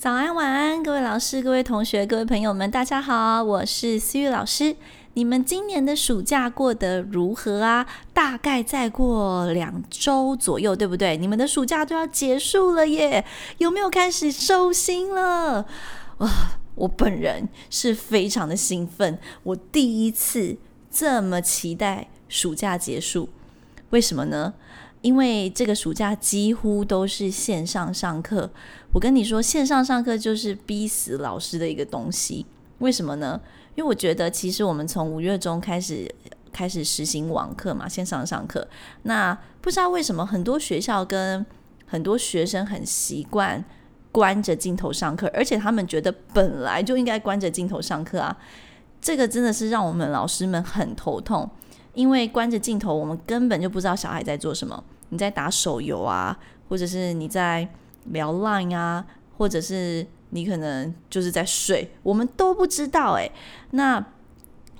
早安，晚安，各位老師、各位同學、各位朋友們，大家好，我是思雨老師。你們今年的暑假過得如何啊？大概再過兩周左右，對不對？你們的暑假都要結束了耶，有沒有開始收心了？哇，我本人是非常的興奮，我第一次這麼期待暑假結束，為什麼呢？因為這個暑假幾乎都是線上上課，我跟你說，線上上課就是逼死老師的一個東西。為什麼呢？因為我覺得其實我們從五月中開始開始實行網課嘛，線上上課。那不知道為什麼很多學校跟很多學生很習慣關着鏡頭上課，而且他們覺得本來就應該關着鏡頭上課啊。這個真的是讓我們老師們很頭痛。因為關着鏡頭，我們根本就不知道小孩在做什麼。你在打手遊啊，或者是你在聊 Line 啊，或者是你可能就是在睡，我們都不知道誒、欸，那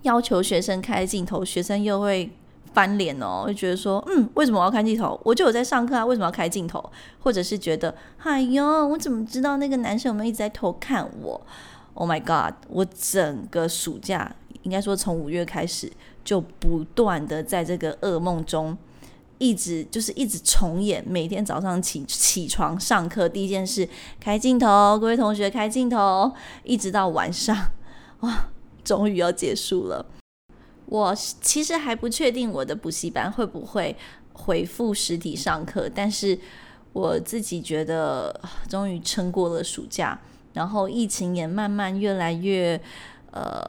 要求學生開鏡頭，學生又會翻臉哦、喔，會覺得說，嗯，為什麼我要開鏡頭？我就有在上課啊，為什麼要開鏡頭？或者是覺得，哎呦，我怎麼知道那個男生有沒有一直在偷看我？Oh my god！我整個暑假，應該說從五月開始，就不斷的在這個噩夢中，一直就是一直重演。每天早上起起床上課，第一件事開鏡頭，各位同學開鏡頭，一直到晚上，哇，終於要結束了。我其實還不確定我的補習班會不會恢復實體上課，但是我自己覺得終於撐過了暑假。然後疫情也慢慢越來越，呃，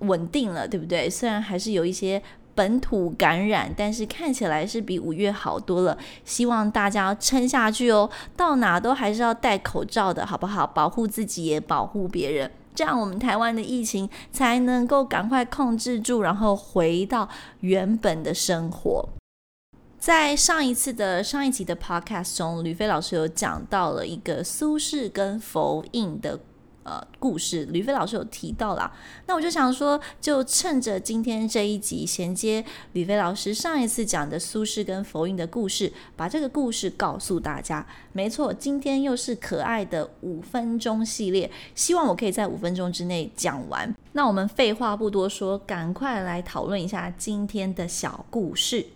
穩定了，對不對？雖然還是有一些本土感染，但是看起來是比五月好多了。希望大家撐下去哦，到哪都還是要戴口罩的，好不好？保護自己也保護別人，這樣我們台灣的疫情才能夠趕快控制住，然後回到原本的生活。在上一次的上一集的 podcast 中，呂飛老師有講到了一個蘇軾跟佛印的呃故事，呂飛老師有提到啦，那我就想說，就趁着今天這一集，銜接呂飛老師上一次講的蘇軾跟佛印的故事，把這個故事告訴大家。沒錯，今天又是可愛的五分鐘系列，希望我可以在五分鐘之內講完。那我們廢話不多說，趕快來討論一下今天的小故事。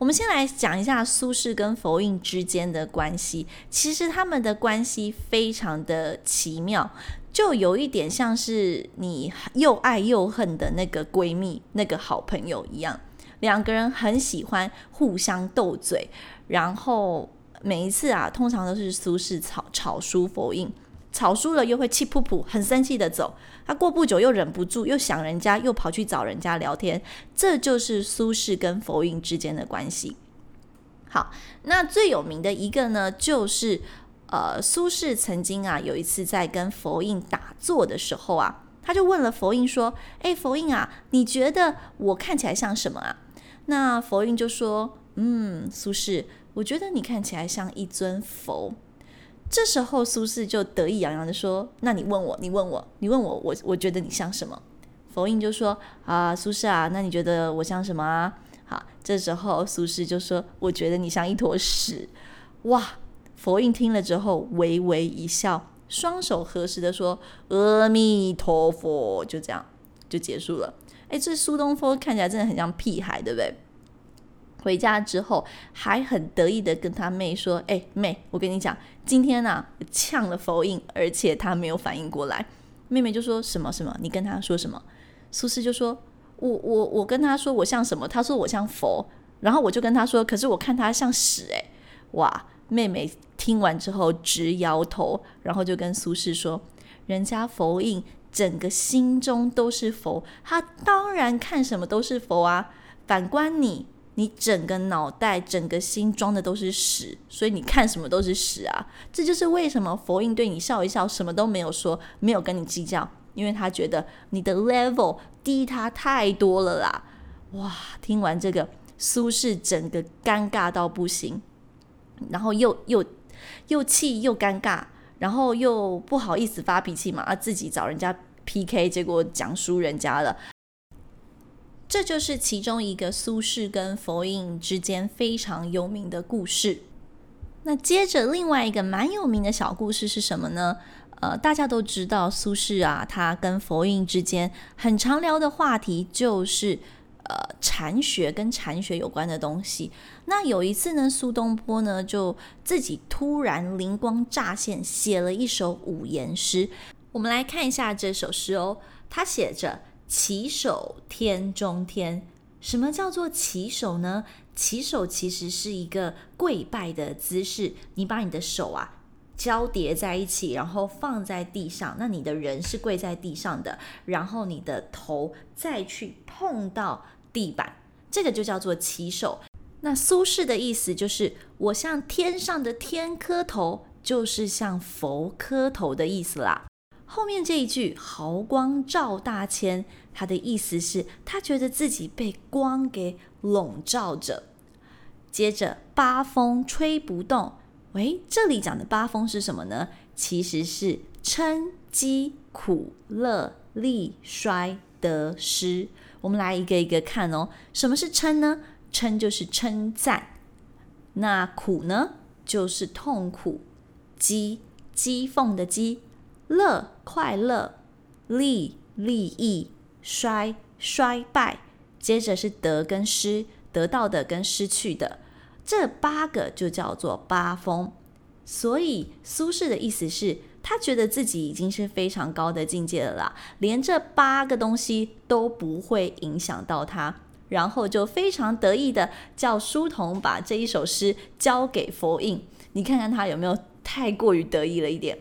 我們先來講一下蘇軾跟佛印之間的關係。其實他們的關係非常的奇妙，就有一點像是你又愛又恨的那個閨蜜、那個好朋友一樣。兩個人很喜歡互相鬥嘴，然後每一次啊，通常都是蘇軾吵吵輸佛、佛印。吵輸了又會氣噗噗，很生氣的走。他過不久又忍不住，又想人家，又跑去找人家聊天。這就是蘇軾跟佛印之間的關係。好，那最有名的一個呢，就是呃，蘇軾曾經啊有一次在跟佛印打坐的時候啊，他就問了佛印說：“哎，佛印啊，你覺得我看起來像什麼啊？”那佛印就說：“嗯，蘇軾，我覺得你看起來像一尊佛。”這時候蘇軾就得意洋洋的說：“那你問我，你問我，你問我，我我覺得你像什麼？”佛印就說：“啊，蘇軾啊，那你覺得我像什麼啊？”好，這時候蘇軾就說：“我覺得你像一坨屎。”哇！佛印聽了之後微微一笑，雙手合十的說：“阿彌陀佛。”就這樣，就結束了。哎，這蘇東坡看起來真的很像屁孩，對不對？回家之後，還很得意的跟他妹說：“哎、欸，妹，我跟你講，今天呢、啊，嗆了佛印，而且他沒有反應過來。”妹妹就說什麼什麼？你跟他說什麼？蘇軾就說：“我我我跟他說我像什麼？”他說：“我像佛。”然後我就跟他說：“可是我看他像屎。”誒，哇！妹妹聽完之後直搖頭，然後就跟蘇軾說：“人家佛印整個心中都是佛，他當然看什麼都是佛啊。反觀你。”你整個腦袋、整個心裝的都是屎，所以你看什麼都是屎啊！這就是為什麼佛印對你笑一笑，什麼都沒有說，沒有跟你計較，因為他覺得你的 level 低他太多了啦。哇！聽完這個，蘇軾整個尷尬到不行，然後又又又氣又尷尬，然後又不好意思發脾氣嘛，啊，自己找人家 PK，結果講輸人家了。這就是其中一個蘇軾跟佛印之間非常有名的故事。那接着另外一個蠻有名的小故事是什麼呢？呃，大家都知道蘇軾啊，他跟佛印之間很常聊的話題就是呃禪學跟禪學有關的東西。那有一次呢，蘇東坡呢就自己突然靈光乍現，寫了一首五言詩。我們來看一下這首詩哦，他寫着。稽首天中天，什麼叫做稽首呢？稽首其實是一個跪拜的姿勢，你把你的手啊交疊在一起，然後放在地上，那你的人是跪在地上的，然後你的頭再去碰到地板，這個就叫做稽首。那蘇軾的意思就是，我向天上的天磕頭，就是向佛磕頭的意思啦。後面這一句“毫光照大千”，他的意思是，他覺得自己被光給籠罩着。接着“八風吹不動”，喂，這裡講的八風是什麼呢？其實是稱、譏、苦、樂、利、衰、得、失。我們來一個一個看哦。什麼是稱呢？稱就是稱讚。那苦呢，就是痛苦。譏，譏諷的譏。樂快樂，利利益，衰衰敗，接着是得跟失，得到的跟失去的，這八個就叫做八風。所以蘇軾的意思是他覺得自己已經是非常高的境界了啦，連這八個東西都不會影響到他，然後就非常得意的叫書童把這一首詩交給佛印，你看看他有沒有太過於得意了一點？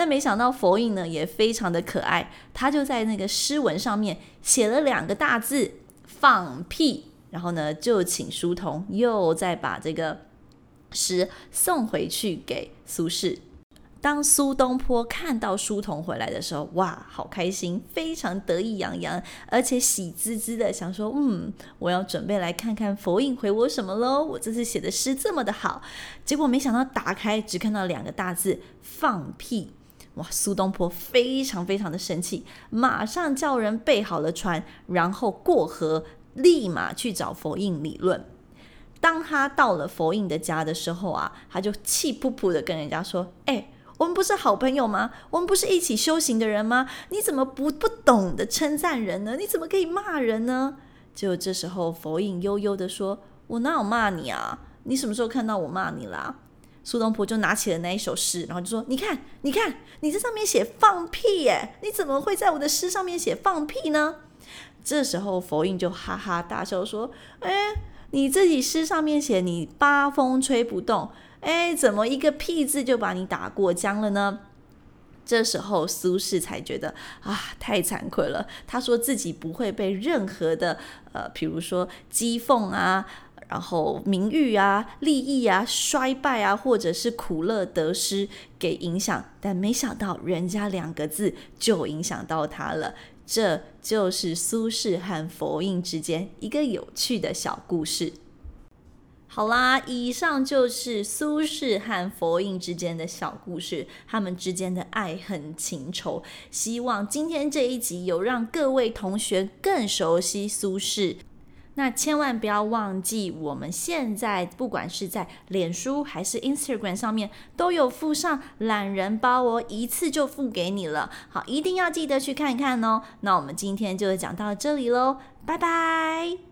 但沒想到佛印呢也非常的可愛，他就在那個詩文上面寫了兩個大字“放屁”，然後呢就請書童又再把這個詩送回去給蘇軾。當蘇東坡看到書童回來的時候，哇，好開心，非常得意洋洋，而且喜滋滋的想說：“嗯，我要準備來看看佛印回我什麼嘍，我這次寫的詩這麼的好。”結果沒想到打開只看到兩個大字“放屁”。蘇東坡非常非常的生氣，馬上叫人備好了船，然後過河，立馬去找佛印理論。當他到了佛印的家的時候啊，他就氣撲撲的跟人家說：“欸，我們不是好朋友嗎？我們不是一起修行的人嗎？你怎麼不不懂得稱讚人呢？你怎麼可以罵人呢？”就這時候，佛印悠悠的說：“我哪有罵你啊？你什麼時候看到我罵你啦？”蘇東坡就拿起了那一首詩，然後就說：“你看，你看，你這上面寫放屁耶？你怎麼會在我的詩上面寫放屁呢？”這時候佛印就哈哈大笑說：“誒，你自己詩上面寫你八風吹不動，誒，怎麼一個屁字就把你打過江了呢？”這時候蘇軾才覺得啊，太慚愧了。他說自己不會被任何的呃，比如說譏諷啊。然後名譽啊、利益啊、衰敗啊，或者是苦樂得失給影響，但沒想到人家兩個字就影響到他了。這就是蘇軾和佛印之間一個有趣的小故事。好啦，以上就是蘇軾和佛印之間的小故事，他們之間的愛恨情仇。希望今天這一集有讓各位同學更熟悉蘇軾。那千萬不要忘記，我們現在不管是在臉書還是 Instagram 上面，都有附上懶人包哦，一次就附給你了。好，一定要記得去看看哦。那我們今天就講到這裡嘍，拜拜。